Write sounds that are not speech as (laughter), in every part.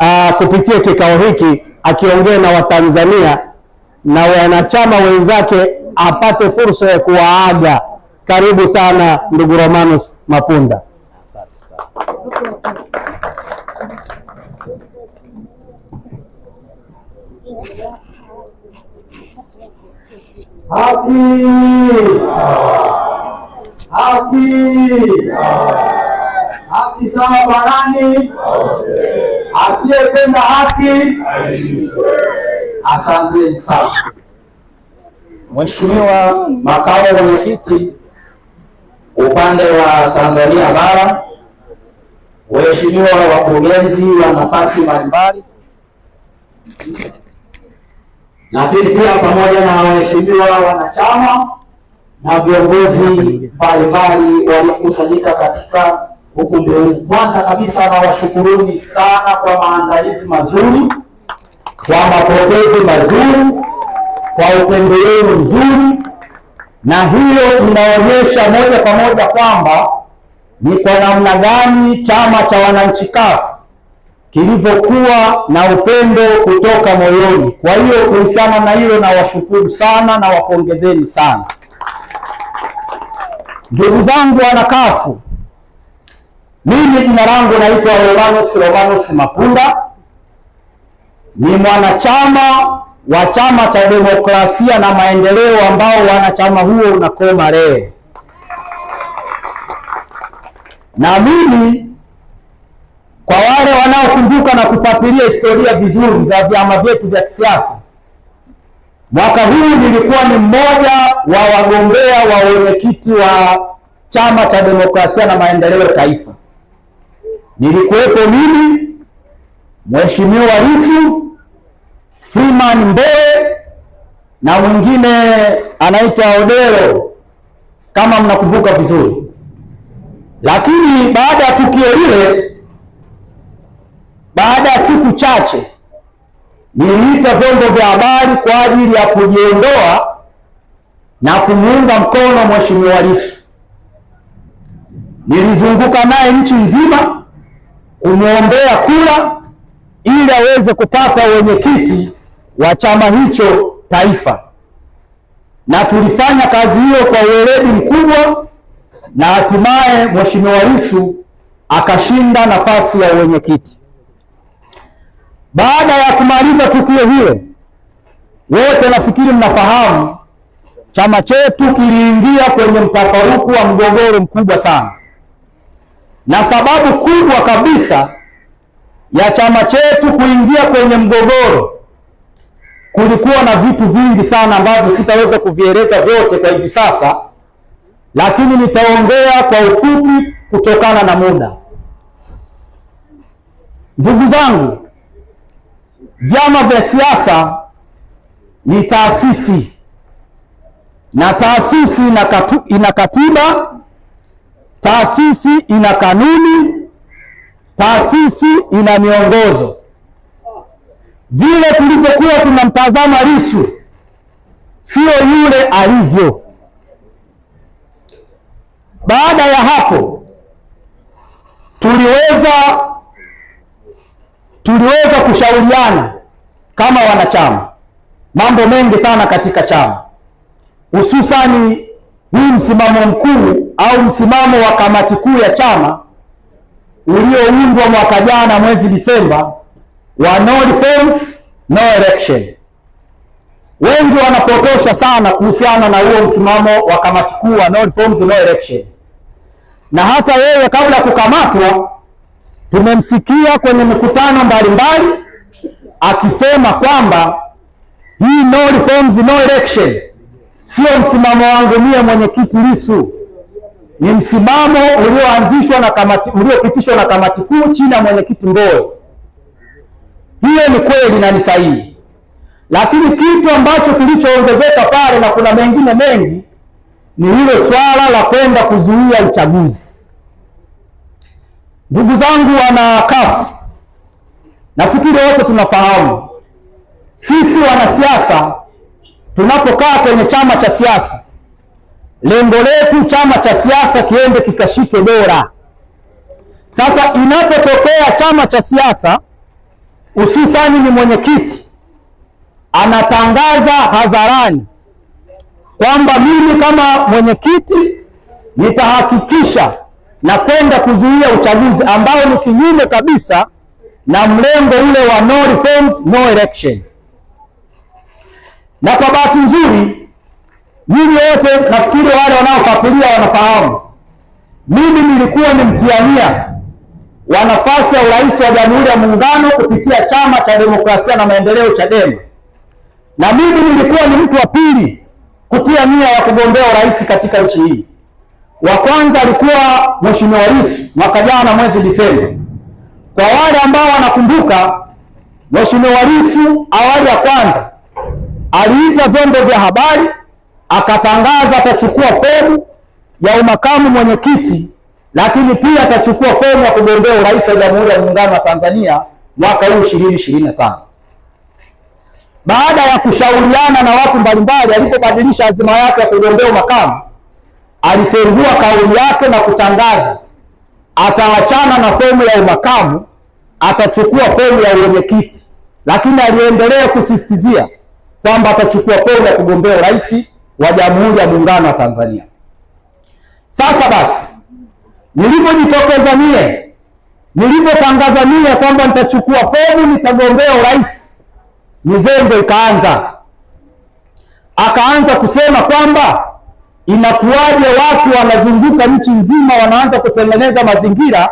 aa, ah, kupitia kikao hiki akiongea na Watanzania na wanachama wenzake apate fursa ya kuwaaga. Karibu sana ndugu Romanus Mapunda. Haki! Haki! Haki sawa barani asiyependa haki. Asanteni sana. Mheshimiwa makamu mwenyekiti upande wa Tanzania Bara, waheshimiwa wakurugenzi wa nafasi mbalimbali, lakini pia pamoja na waheshimiwa wanachama na viongozi mbalimbali waliokusanyika katika huku ndio Kwanza kabisa nawashukuruni sana kwa maandalizi mazuri, kwa mapokezi mazuri, kwa upendo wenu mzuri, na hiyo inaonyesha moja kwa moja kwamba ni kwa namna gani chama cha wananchi CUF kilivyokuwa na upendo kutoka moyoni. Kwa hiyo kuhusiana na hilo, nawashukuru sana na wapongezeni sana ndugu zangu wana CUF. Mimi jina langu naitwa Rolanus Rolanus Mapunda, ni mwanachama wa Chama cha Demokrasia na Maendeleo ambao wanachama huo unakoma leo, na mimi kwa wale wanaokumbuka na kufuatilia historia vizuri za vyama vyetu vya kisiasa, mwaka huu nilikuwa ni mmoja wa wagombea wa wenyekiti wa Chama cha Demokrasia na Maendeleo Taifa nilikuwepo mimi Mheshimiwa Lissu, Freeman Mbowe na mwingine anaitwa Odero kama mnakumbuka vizuri. Lakini baada ya tukio lile, baada ya siku chache, niliita vyombo vya habari kwa ajili ya kujiondoa na kumuunga mkono Mheshimiwa Lissu. Nilizunguka naye nchi nzima kumwombea kura ili aweze kupata wenyekiti wa chama hicho taifa, na tulifanya kazi hiyo kwa uweledi mkubwa, na hatimaye Mheshimiwa Lissu akashinda nafasi ya uwenyekiti. Baada ya kumaliza tukio hilo, wote nafikiri mnafahamu chama chetu kiliingia kwenye mtafaruku wa mgogoro mkubwa sana na sababu kubwa kabisa ya chama chetu kuingia kwenye mgogoro, kulikuwa na vitu vingi sana ambavyo sitaweza kuvieleza vyote kwa hivi sasa, lakini nitaongea kwa ufupi kutokana na muda. Ndugu zangu, vyama vya siasa ni taasisi na taasisi ina katiba Taasisi ina kanuni, taasisi ina miongozo. Vile tulivyokuwa tunamtazama Lissu sio yule alivyo. Baada ya hapo, tuliweza tuliweza kushauriana kama wanachama mambo mengi sana katika chama hususani huu msimamo mkuu au msimamo wa kamati kuu ya chama ulioundwa mwaka jana mwezi Disemba wa no reforms no election. Wengi wanapotosha sana kuhusiana na huo msimamo wa kamati kuu wa no reforms no election, na hata wewe kabla ya kukamatwa tumemsikia kwenye mikutano mbalimbali akisema kwamba hii no reforms no election sio msimamo wangu mie mwenyekiti Lissu, ni msimamo ulioanzishwa na kamati uliopitishwa na kamati kuu chini ya mwenyekiti Mbowe. Hiyo ni kweli na ni sahihi, lakini kitu ambacho kilichoongezeka pale na kuna mengine mengi ni hilo swala la kwenda kuzuia uchaguzi. Ndugu zangu wana CUF, nafikiri wote tunafahamu sisi wanasiasa Tunapokaa kwenye chama cha siasa, lengo letu chama cha siasa kiende kikashike bora Sasa inapotokea chama cha siasa hususani ni mwenyekiti anatangaza hadharani kwamba mimi kama mwenyekiti nitahakikisha na kwenda kuzuia uchaguzi ambao ni kinyume kabisa na mlengo ule wa no reforms, no election. Na kwa bahati nzuri, nyinyi wote nafikiri wale wanaofuatilia wanafahamu, mimi nilikuwa ni mtiania wa nafasi ya urais wa Jamhuri ya Muungano kupitia Chama cha Demokrasia na Maendeleo, Chadema, na mimi nilikuwa ni mtu wa pili kutia nia ya kugombea urais katika nchi hii. Wa kwanza alikuwa Mheshimiwa Rais mwaka jana mwezi Disemba. Kwa wale ambao wanakumbuka, Mheshimiwa Rais awali ya kwanza aliita vyombo vya habari akatangaza atachukua fomu ya umakamu mwenyekiti, lakini pia atachukua fomu ya kugombea urais wa Jamhuri ya Muungano wa Tanzania mwaka huu ishirini ishirini na tano. Baada ya kushauriana na watu mbalimbali, alipobadilisha azima yake ya kugombea umakamu, alitengua kauli yake na kutangaza ataachana na fomu ya umakamu, atachukua fomu ya uwenyekiti, lakini aliendelea kusisitizia kwamba atachukua fomu ya kugombea urais wa Jamhuri ya Muungano wa Tanzania. Sasa basi, nilivyojitokeza mie, nilivyotangaza mie kwamba nitachukua fomu, nitagombea urais, mizengo ikaanza. Akaanza kusema kwamba inakuwaje watu wanazunguka nchi nzima wanaanza kutengeneza mazingira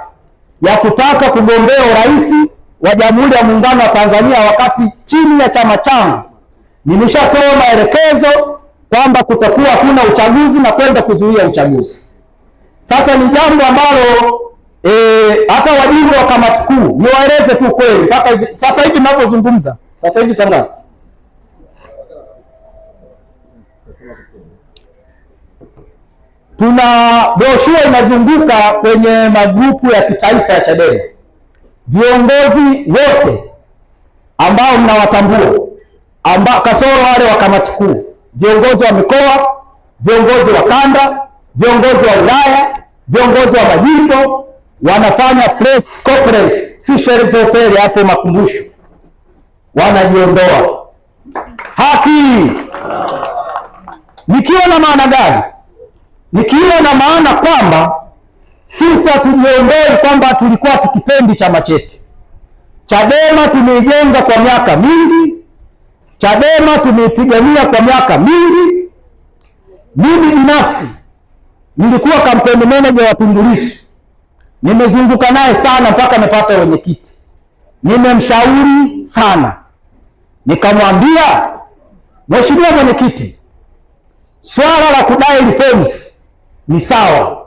ya kutaka kugombea urais wa Jamhuri ya Muungano wa Tanzania wakati chini ya chama changu Nimeshatoa maelekezo kwamba kutakuwa kuna uchaguzi na kwenda kuzuia uchaguzi. Sasa ni jambo ambalo e, hata wajumbe wa kamati kuu niwaeleze tu kweli, mpaka sasa hivi ninapozungumza sasa hivi sana tuna broshua inazunguka kwenye magrupu ya kitaifa ya Chadema, viongozi wote ambao mnawatambua amba kasoro wale wa kamati kuu, viongozi wa mikoa, viongozi wa kanda, viongozi wa wilaya, viongozi wa majimbo wanafanya press conference Seychelles Hotel hapo Makumbusho, wanajiondoa. Haki nikiwa na maana gani? Nikiwa na maana kwamba sisi hatujiondoe, kwamba tulikuwa tukipendi chama chetu Chadema, tumeijenga kwa miaka mingi Chadema tumeipigania kwa miaka mingi. Mimi binafsi nilikuwa kampeni manager wa Tundu Lissu, nimezunguka naye sana mpaka amepata wenyekiti. Nimemshauri sana, nikamwambia mheshimiwa mwenyekiti, swala la kudai reforms ni sawa,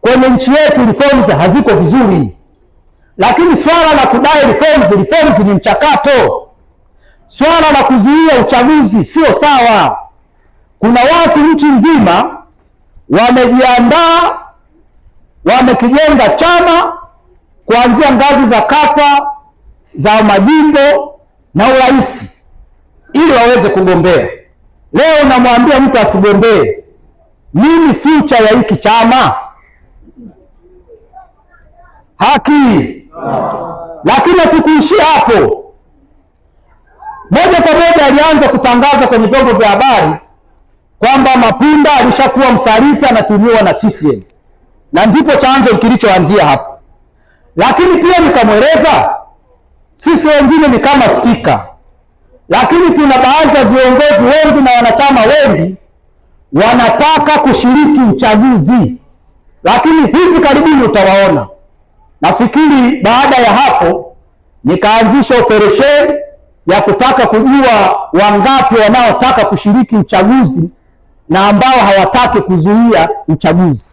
kwenye nchi yetu reforms haziko vizuri, lakini swala la kudai reforms, reforms ni mchakato Swala la kuzuia uchaguzi sio sawa. Kuna watu nchi nzima wamejiandaa, wamekijenga chama kuanzia ngazi za kata, za majimbo na urais, ili waweze kugombea. Leo namwambia mtu asigombee, nini future ya hiki chama? Haki. Lakini hatukuishia hapo moja kwa moja alianza kutangaza kwenye vyombo vya habari kwamba Mapunda alishakuwa msaliti, anatumiwa na CCM, na ndipo chanzo kilichoanzia hapo. Lakini pia nikamweleza sisi wengine ni kama spika, lakini tuna baadhi ya viongozi wengi na wanachama wengi wanataka kushiriki uchaguzi, lakini hivi karibuni utawaona. Nafikiri baada ya hapo nikaanzisha operesheni ya kutaka kujua wangapi wanaotaka kushiriki uchaguzi na ambao hawataki kuzuia uchaguzi.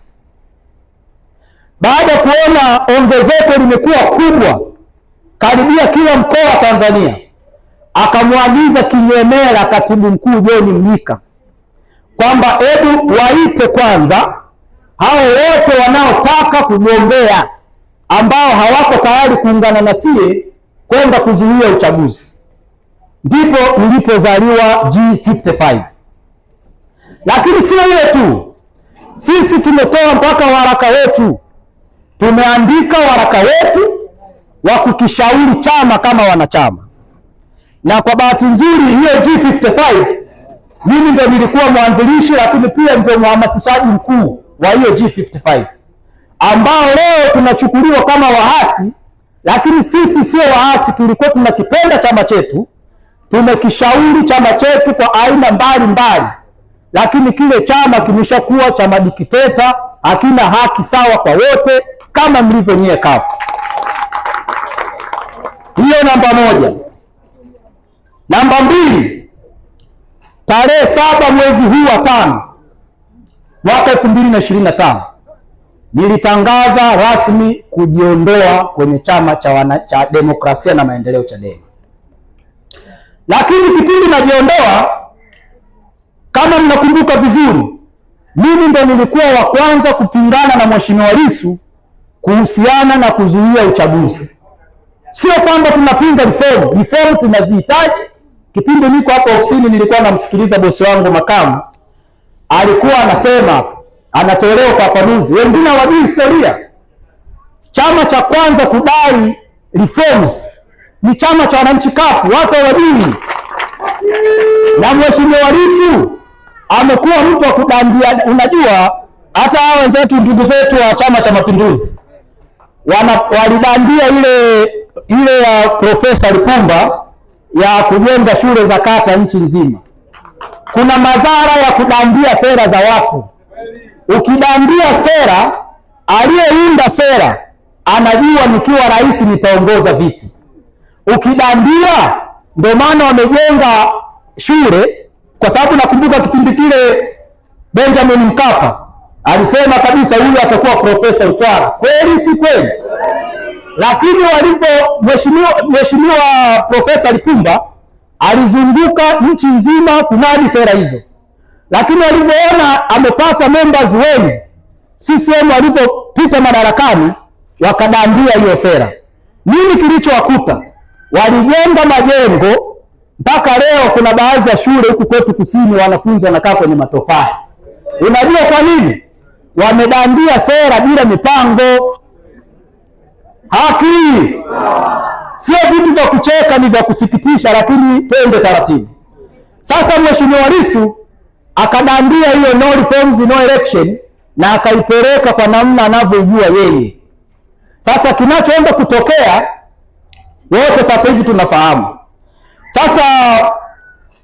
Baada ya kuona ongezeko limekuwa kubwa karibia kila mkoa wa Tanzania, akamwagiza kinyemera katibu mkuu John Mnyika kwamba hebu waite kwanza hao wote wanaotaka kugombea ambao hawako tayari kuungana na sie kwenda kuzuia uchaguzi ndipo nilipozaliwa G55. Lakini sio ile tu, sisi tumetoa mpaka waraka wetu, tumeandika waraka wetu wa kukishauri chama kama wanachama, na kwa bahati nzuri hiyo G55 mimi ndio nilikuwa mwanzilishi, lakini pia ndio mhamasishaji mkuu wa hiyo G55 ambao leo tunachukuliwa kama wahasi lakini sisi sio waasi, tulikuwa tunakipenda chama chetu Tumekishauri chama chetu kwa aina mbalimbali mbali, lakini kile chama kimeshakuwa chama madikteta, hakina haki sawa kwa wote kama mlivyo nyie kafu. Hiyo namba moja. Namba mbili, tarehe saba mwezi huu wa tano mwaka elfu mbili na ishirini na tano nilitangaza rasmi kujiondoa kwenye chama cha, wana, cha demokrasia na maendeleo CHADEMA. Lakini kipindi najiondoa, kama mnakumbuka vizuri, mimi ndo nilikuwa wa kwanza kupingana na Mheshimiwa Lissu kuhusiana na kuzuia uchaguzi. Sio kwamba tunapinga reform, reform tunazihitaji. Kipindi niko hapo ofisini, nilikuwa namsikiliza bosi wangu makamu, alikuwa anasema, anatolea ufafanuzi. Wengine hawajui historia, chama cha kwanza kudai reforms ni chama cha wananchi kafu watu dini Na mheshimiwa Lissu amekuwa mtu wa kudandia. Unajua, hata hao wenzetu ndugu zetu wa Chama cha Mapinduzi walidandia ile ile ya Profesa Lipumba ya kujenga shule za kata nchi nzima. Kuna madhara ya kudandia sera za watu. Ukidandia sera, aliyeunda sera anajua nikiwa rais nitaongoza vipi ukidandia. Ndio maana wamejenga shule, kwa sababu nakumbuka kipindi kile Benjamin Mkapa alisema kabisa yule atakuwa profesa Utwara. Kweli si kweli? Lakini walivyo mheshimiwa profesa Lipumba alizunguka nchi nzima kunadi sera hizo, lakini walivyoona amepata members wengi, CCM walivyopita madarakani wakadandia hiyo sera. Nini kilichowakuta? walijenga majengo mpaka leo. Kuna baadhi ya shule huku kwetu kusini wanafunzi wanakaa kwenye matofali. Unajua kwa nini? Wamedandia sera bila mipango. Haki sio vitu vya kucheka, ni vya kusikitisha, lakini twende taratibu. Sasa Mheshimiwa Lissu akadandia hiyo no reforms no election, na akaipeleka kwa namna anavyoijua yeye. Sasa kinachoenda kutokea wote sasa hivi tunafahamu. Sasa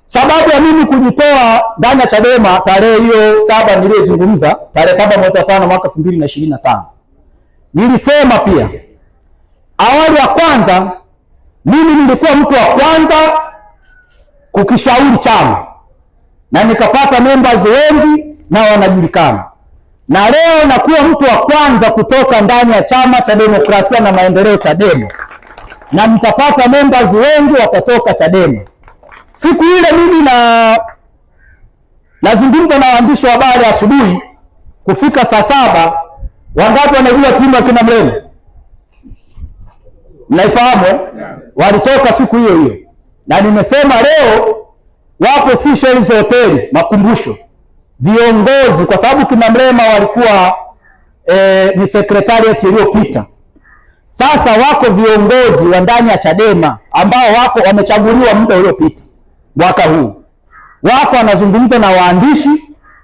sababu ya mimi kujitoa ndani ya Chadema tarehe hiyo saba niliyozungumza, tarehe saba mwezi wa tano mwaka elfu mbili na ishirini na tano nilisema pia, awali ya kwanza mimi nilikuwa mtu wa kwanza kukishauri chama na nikapata members wengi na wanajulikana, na leo nakuwa mtu wa kwanza kutoka ndani ya chama cha demokrasia na maendeleo Chadema na mtapata members wengi watatoka Chadema. Siku ile mimi na nazungumza na waandishi wa habari asubuhi, kufika saa saba, wangapi wanajua timu ya kina Mrema? Mnaifahamu? Eh? Walitoka siku hiyo hiyo, na nimesema leo wapo Shells hoteli makumbusho, viongozi kwa sababu kina Mrema walikuwa e, ni sekretariat iliyopita sasa wako viongozi wa ndani ya Chadema ambao wako wamechaguliwa muda uliopita mwaka huu, wako wanazungumza na waandishi,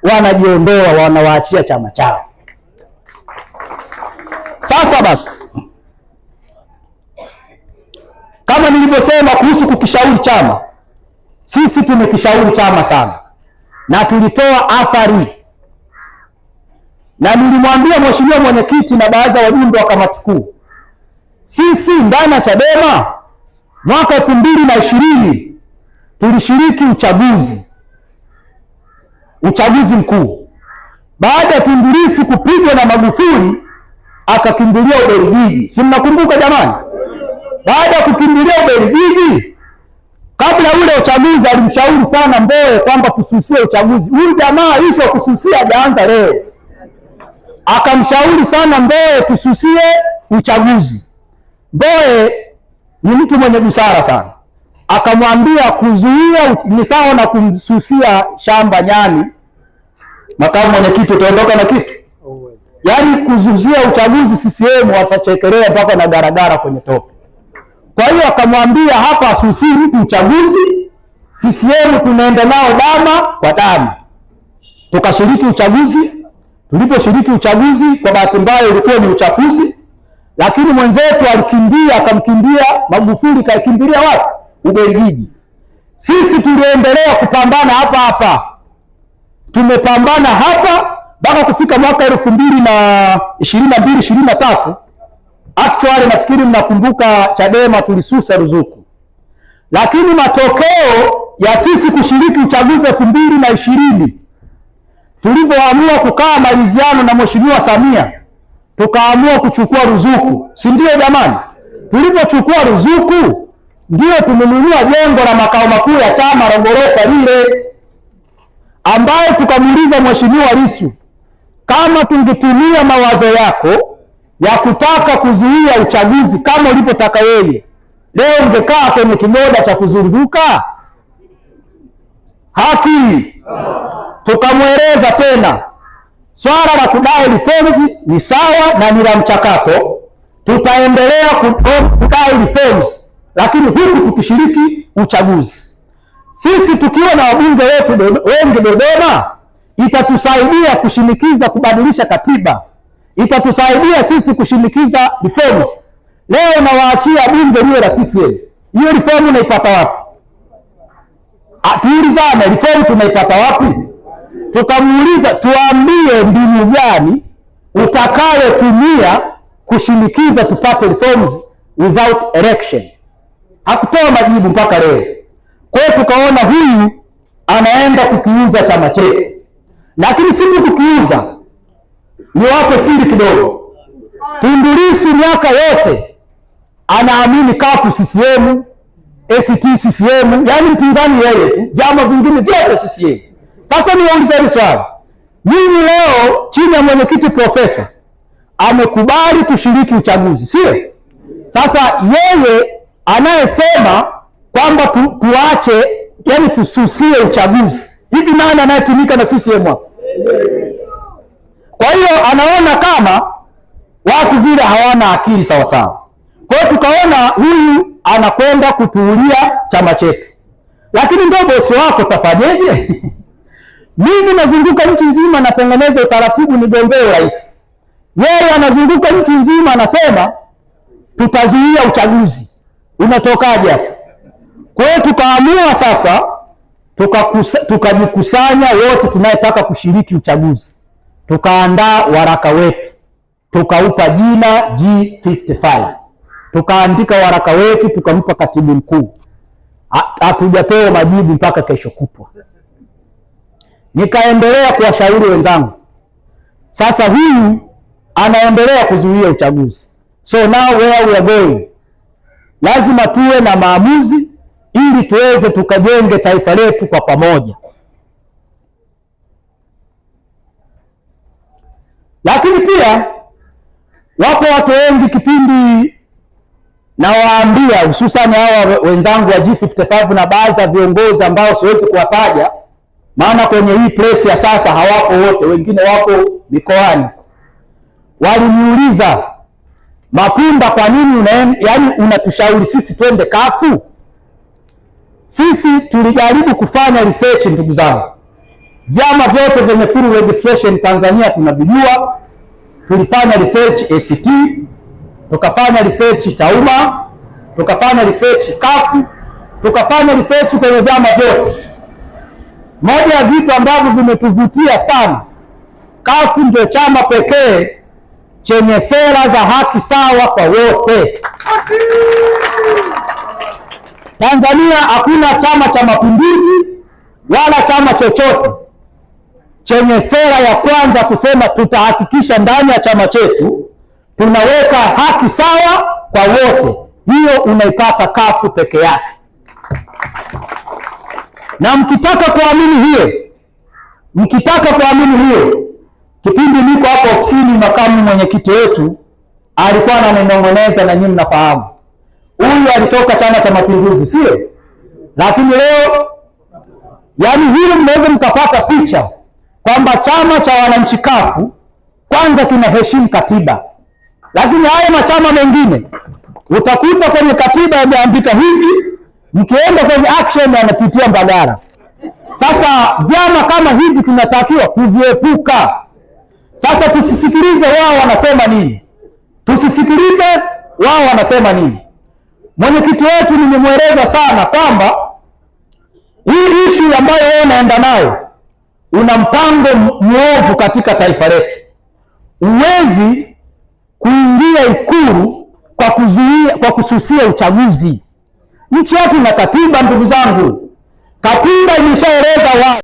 wanajiondoa, wanawaachia chama chao. Sasa basi, kama nilivyosema kuhusu kukishauri chama, sisi tumekishauri chama sana na tulitoa athari, na nilimwambia mheshimiwa mwenyekiti na baadhi ya wajumbe wa kamati kuu sisi ndani ya Chadema mwaka elfu mbili na ishirini tulishiriki uchaguzi uchaguzi mkuu. Baada ya Tundu Lissu kupigwa na Magufuli akakimbilia Ubelgiji, si mnakumbuka jamani? Baada ya kukimbilia Ubelgiji, kabla ule uchaguzi alimshauri sana Mbowe kwamba tususie uchaguzi. Huyu jamaa hizo kususia jaanza leo, akamshauri sana Mbowe tususie uchaguzi Mbowe ni mtu mwenye busara sana, akamwambia kuzuia ni sawa na kumsusia shamba nyani. Makamu mwenyekiti, utaondoka na kitu yaani kuzuzia uchaguzi CCM watachekelea mpaka na garagara kwenye tope. Kwa hiyo akamwambia hapa asusi mtu uchaguzi, CCM tunaenda nao dama kwa dama. Tukashiriki uchaguzi, tuliposhiriki uchaguzi, kwa bahati mbaya ulikuwa ni uchafuzi lakini mwenzetu alikimbia, akamkimbia Magufuli, kaikimbilia wapi? Ubelgiji. Sisi tuliendelea kupambana hapa hapa, tumepambana hapa mpaka kufika mwaka elfu mbili na ishirini na mbili ishirini na tatu Actually nafikiri mnakumbuka, Chadema tulisusa ruzuku, lakini matokeo ya sisi kushiriki uchaguzi elfu mbili na ishirini tulivyoamua kukaa maliziano na mheshimiwa Samia tukaamua kuchukua ruzuku, si ndio jamani? Tulivyochukua ruzuku ndio tumenunua jengo la makao makuu ya chama la ghorofa lile, ambayo tukamuuliza Mheshimiwa Lissu, kama tungetumia mawazo yako ya kutaka kuzuia uchaguzi kama ulivyotaka yeye, leo ungekaa kwenye kigoda cha kuzunguka haki? Tukamweleza tena Swala la kudai reforms ni sawa na ni la mchakato, tutaendelea kudai reforms, lakini huku tukishiriki uchaguzi. Sisi tukiwa na wabunge wetu wengi Dodoma, itatusaidia kushinikiza kubadilisha katiba, itatusaidia sisi kushinikiza reforms. Leo nawaachia bunge liwe la CCM, hiyo reform unaipata wapi? Ah, tuulizane, reform tunaipata wapi? tukamuuliza tuambie mbinu gani utakayotumia kushinikiza tupate reforms without election. Hakutoa majibu mpaka leo. Kwa hiyo tukaona huyu anaenda kukiuza chama chetu, lakini si tu kukiuza, ni wape siri kidogo. Tundu Lissu miaka yote anaamini kafu CCM, ACT CCM, yaani mpinzani yeye tu, vyama vingine vyote CCM sasa niwaulize hili swali, nyinyi leo chini ya mwenyekiti profesa amekubali tushiriki uchaguzi, sio? Sasa yeye anayesema kwamba tu, tuache yani tususie uchaguzi, hivi nani anayetumika na CCM hapa? Kwa hiyo anaona kama watu vile hawana akili sawa sawa. Kwa hiyo tukaona huyu anakwenda kutuulia chama chetu, lakini ndio bosi wako, tafanyeje? (laughs) Mimi nazunguka nchi nzima natengeneza utaratibu nigombee rais, yeye anazunguka nchi nzima anasema tutazuia uchaguzi. Unatokaje hapo? Kwa hiyo tukaamua sasa, tukajikusanya tuka wote tunayetaka kushiriki uchaguzi, tukaandaa waraka wetu, tukaupa jina G55, tukaandika waraka wetu, tukampa katibu mkuu. Hatujapewa majibu mpaka kesho kutwa. Nikaendelea kuwashauri wenzangu, sasa huyu anaendelea kuzuia uchaguzi, so now where we are going, lazima tuwe na maamuzi ili tuweze tukajenge taifa letu kwa pamoja. Lakini pia wapo watu wengi kipindi nawaambia, hususani hawa wenzangu wa G55 na baadhi ya viongozi ambao siwezi kuwataja maana kwenye hii press ya sasa hawako wote, wengine wako mikoani. Waliniuliza, Mapunda, kwa nini unaen, yani unatushauri sisi twende kafu? Sisi tulijaribu kufanya research, ndugu zangu, vyama vyote vyenye full registration Tanzania tunavijua. Tulifanya research ACT, tukafanya research Tauma, tukafanya research kafu, tukafanya research kwenye vyama vyote moja ya vitu ambavyo vimetuvutia sana, kafu ndio chama pekee chenye sera za haki sawa kwa wote Tanzania. Hakuna Chama cha Mapinduzi wala chama chochote chenye sera ya kwanza kusema tutahakikisha ndani ya chama chetu tunaweka haki sawa kwa wote. Hiyo unaipata kafu peke yake na mkitaka kuamini hiyo, mkitaka kuamini hiyo, kipindi niko hapo ofisini, makamu mwenyekiti wetu alikuwa ananong'oneza, na nyinyi mnafahamu, huyu alitoka Chama cha Mapinduzi, sio? Lakini leo yani hili mnaweza mkapata picha kwamba chama cha wananchi kafu kwanza kinaheshimu katiba, lakini haya machama mengine utakuta kwenye katiba yameandika hivi mkienda kwenye action anapitia Mbagala. Sasa vyama kama hivi tunatakiwa kuviepuka. Sasa tusisikilize wao wanasema nini, tusisikilize wao wanasema nini. Mwenyekiti wetu nimemweleza sana kwamba hii ishu ambayo wewe unaenda nayo una mpango mwovu katika taifa letu. Huwezi kuingia Ikulu kwa kuzuia, kwa kususia uchaguzi. Nchi yetu ina katiba, ndugu zangu, katiba imeshaeleza wazi